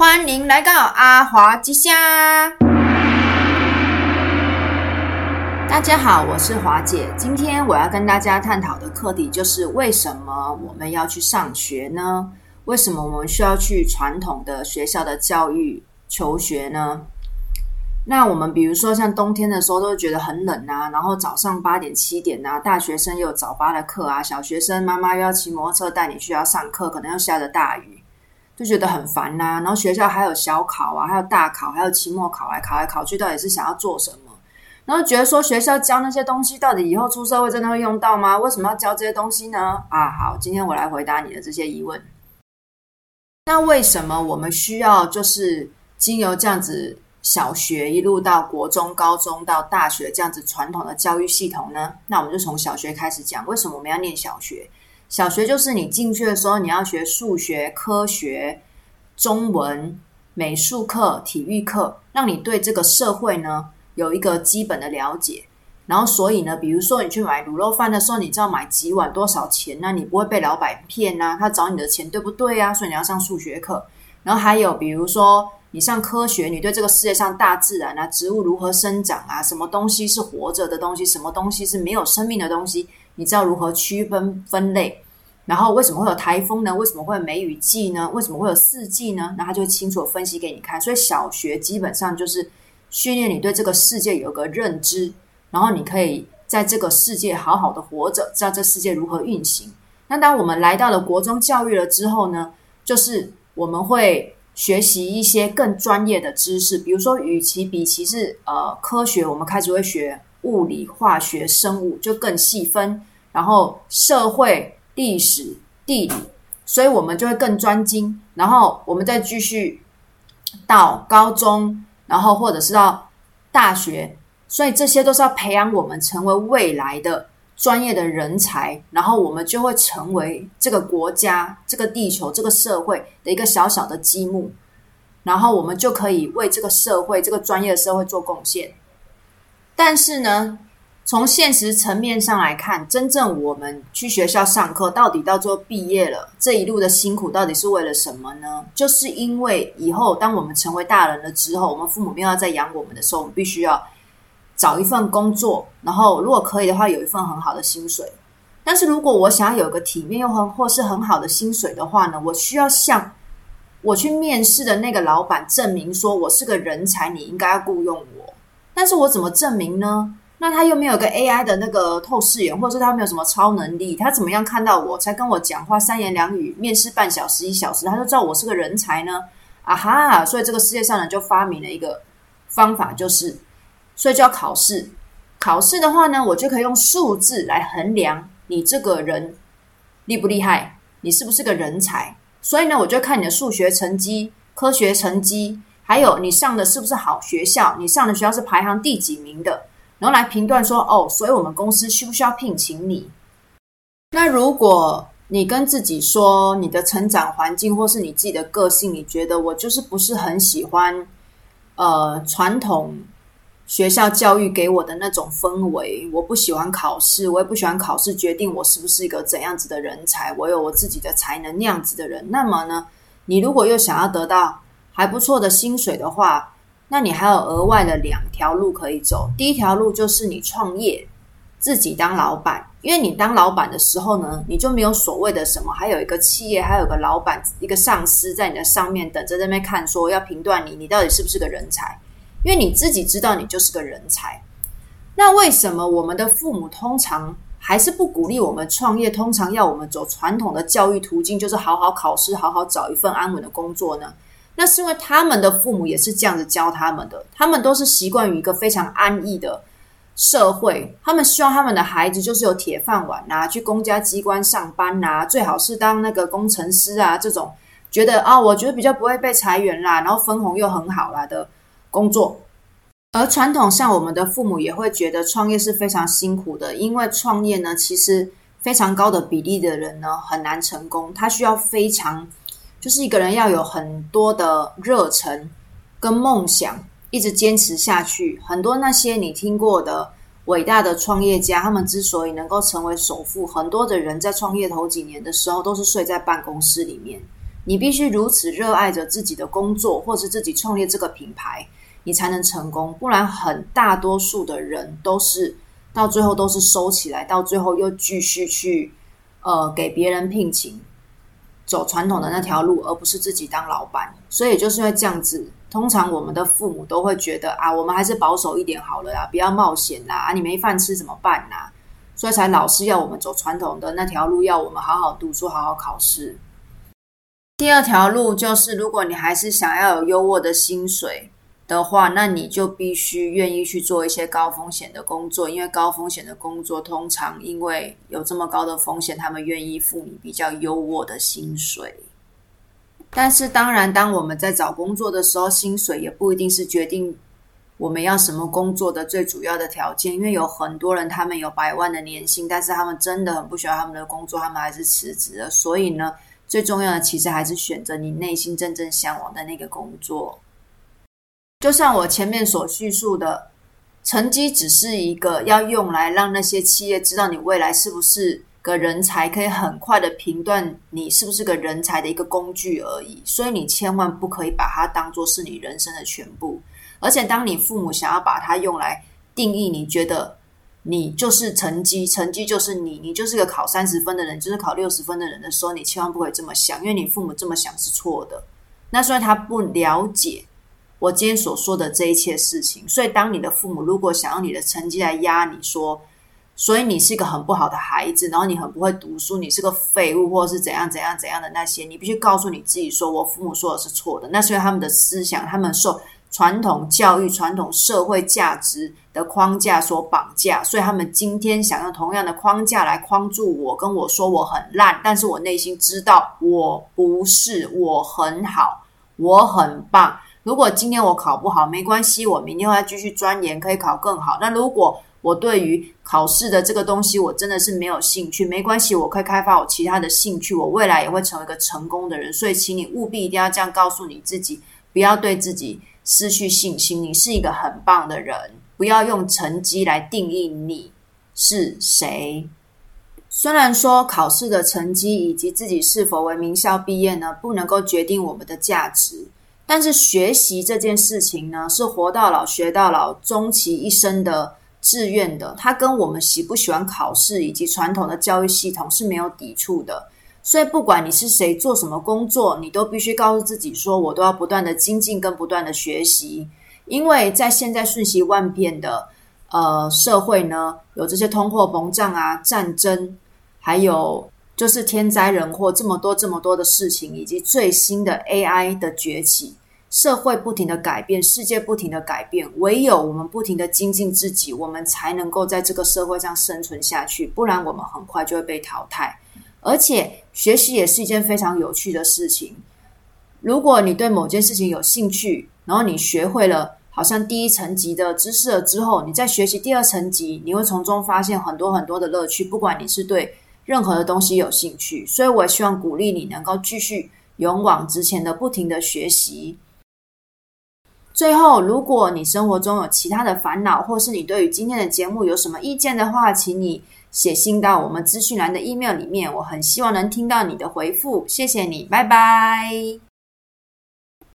歡迎來到阿華之家。大家好，我是華姐。今天我要跟大家探討的課題就是為什麼我們要去上學呢？為什麼我們需要去傳統的學校的教育求學呢？那我們比如說像冬天的時候都會覺得很冷啊，然後早上八點七點啊，大學生又有早八的課啊，小學生媽媽又要騎摩托車帶你去要上課，可能要下着大雨。就覺得很煩吶、啊，然後學校還有小考啊，還有大考，還有期末考，來考來考去，到底是想要做什麼？然後覺得說學校教那些東西，到底以後出社會真的會用到嗎？為什麼要教這些東西呢？啊，好，今天我來回答你的這些疑問。那為什麼我們需要就是經由這樣子小學一路到國中、高中到大學這樣子傳統的教育系統呢？那我們就從小學開始講，為什麼我們要念小學？小學就是你進去的時候，你要學數學、科學、中文、美術課、體育課，讓你對這個社會呢有一個基本的了解。然後，所以呢，比如說你去買滷肉飯的時候，你知道買幾碗多少錢？那你不會被老闆騙啊？他找你的錢對不對啊？所以你要上數學課。然後還有比如說。你像科學，你對這個世界上大自然啊，植物如何生長啊，什麼東西是活着的東西，什麼東西是沒有生命的東西，你知道如何區分分類。然後為什麼會有台風呢？為什麼會有梅雨季呢？為什麼會有四季呢？那他就清楚分析給你看。所以小學基本上就是訓練你對這個世界有個認知，然後你可以在這個世界好好的活着，知道這世界如何運行。那當我們來到了國中教育了之後呢，就是我們會。學習一些更專業的知識，比如說，與其比其是，其實呃，科學我們開始會學物理、化學、生物就更細分，然後社會、歷史、地理，所以我們就會更專精。然後我們再繼續到高中，然後或者是到大學，所以這些都是要培養我們成為未來的。專業的人才，然後我們就會成為這個國家、這個地球、這個社會的一個小小的積木，然後我們就可以為這個社會、這個專業的社會做貢獻。但是呢，從現實層面上來看，真正我們去學校上課，到底到最後畢業了，這一路的辛苦到底是為了什麼呢？就是因為以後當我們成為大人了之後，我們父母沒有要再養我們的時候，我們必須要。找一份工作，然後如果可以的話，有一份很好的薪水。但是如果我想要有個體面又很或是很好的薪水的話呢，我需要向我去面試的那個老闆證明說我是個人才，你應該要僱傭我。但是我怎麼證明呢？那他又沒有一個 AI 的那個透視眼，或者說他沒有什麼超能力，他怎麼樣看到我才跟我講話三言兩語，面試半小時一小時，他就知道我是個人才呢？啊哈！所以這個世界上呢，就發明了一個方法，就是。所以就要考試，考試的話呢，我就可以用數字來衡量你這個人厲不厲害，你是不是個人才。所以呢，我就看你的數學成績、科學成績，還有你上的是不是好學校，你上的學校是排行第幾名的，然後來評斷說，哦，所以我們公司需不需要聘請你？那如果你跟自己說，你的成長環境或是你自己的個性，你覺得我就是不是很喜歡，呃，傳統。學校教育給我的那種氛圍，我不喜歡考試，我也不喜歡考試決定我是不是一個怎樣子的人才。我有我自己的才能，那樣子的人。那麼呢，你如果又想要得到還不錯的薪水的話，那你還有額外的兩條路可以走。第一條路就是你創業，自己當老闆。因為你當老闆的時候呢，你就沒有所謂的什麼，還有一個企業，還有一個老闆，一個上司在你的上面等着那邊看說，說要評斷你，你到底是不是個人才。因為你自己知道，你就是個人才。那為什麼我們的父母通常還是不鼓勵我們創業，通常要我們走傳統的教育途徑，就是好好考試，好好找一份安穩的工作呢？那是因為他們的父母也是這樣子教他們的，他們都是習慣於一個非常安逸的社會，他們希望他們的孩子就是有鐵飯碗啊，去公家機關上班啊，最好是當那個工程師啊，這種覺得啊、哦，我覺得比較不會被裁員啦，然後分紅又很好啦的。工作，而傳統像我們的父母也會覺得創業是非常辛苦的，因為創業呢，其實非常高的比例的人呢很難成功，他需要非常就是一個人要有很多的熱忱跟夢想，一直堅持下去。很多那些你聽過的偉大的創業家，他們之所以能夠成為首富，很多的人在創業頭幾年的時候都是睡在辦公室裡面。你必須如此熱愛着自己的工作，或是自己創業這個品牌。你才能成功，不然很大多數的人都是到最後都是收起來，到最後又繼續去呃給別人聘請，走傳統的那條路，而不是自己當老闆。所以就是會這樣子，通常我們的父母都會覺得啊，我們還是保守一點好了啦、啊，不要冒險啦、啊，啊你沒飯吃怎麼辦吶、啊？所以才老是要我們走傳統的那條路，要我們好好讀書，好好考試。第二條路就是，如果你還是想要有優渥的薪水。的話，那你就必須願意去做一些高風險的工作，因為高風險的工作通常因為有這麼高的風險，他們願意付你比較優渥的薪水。但是，當然，當我們在找工作的時候，薪水也不一定是決定我們要什麼工作的最主要的條件，因為有很多人他們有百萬的年薪，但是他們真的很不喜歡他們的工作，他們還是辭職了。所以呢，最重要的其實還是選擇你內心真正向往的那個工作。就像我前面所敘述的，成績只是一個要用來讓那些企業知道你未來是不是個人才，可以很快的評斷你是不是個人才的一個工具而已。所以你千萬不可以把它當做是你人生的全部。而且，當你父母想要把它用來定義你，覺得你就是成績，成績就是你，你就是個考三十分的人，就是考六十分的人的時候，你千萬不可以這麼想，因為你父母這麼想是錯的。那雖然他不了解我今天所說的這一切事情，所以當你的父母如果想用你的成績來壓你說，所以你是一個很不好的孩子，然後你很不會讀書，你是個廢物，或者是怎樣怎樣怎樣的那些，你必須告訴你自己說，我父母說的是錯的。那是因為他們的思想，他們受傳統教育、傳統社會價值的框架所綁架，所以他們今天想用同樣的框架來框住我，跟我說我很爛，但是我內心知道我不是，我很好，我很棒。如果今天我考不好，沒關係，我明天會繼續鑽研，可以考更好。那如果我對於考試的這個東西，我真的是沒有興趣，沒關係，我可以開發我其他的興趣，我未來也會成為一個成功的人。所以，請你務必一定要這樣告訴你自己，不要對自己失去信心。你是一個很棒的人，不要用成績來定義你是誰。雖然說考試的成績以及自己是否為名校畢業呢，不能夠決定我們的價值。但是學習這件事情呢，是活到老學到老，終其一生的志願的。它跟我們喜不喜歡考試以及傳統的教育系統是沒有抵觸的。所以不管你是誰、做什麼工作，你都必須告訴自己說，說我都要不斷的精進跟不斷的學習。因為在現在瞬息萬變的呃社會呢，有這些通貨膨脹啊、戰爭，還有。就是天災人禍這麼多這麼多的事情，以及最新的 AI 的崛起，社會不停地改變，世界不停地改變，唯有我們不停地精進自己，我們才能夠在這個社會上生存下去，不然我們很快就會被淘汰。而且學習也是一件非常有趣的事情。如果你對某件事情有興趣，然後你學會了好像第一層級的知識了之後，你再學習第二層級，你會從中發現很多很多的樂趣。不管你是對任何的東西有興趣，所以我也希望鼓勵你能夠繼續勇往直前的，不停的學習。最後，如果你生活中有其他的煩惱，或是你對於今天的節目有什麼意見的話，請你寫信到我們資訊欄的 email 裡面，我很希望能聽到你的回覆。謝謝你，拜拜。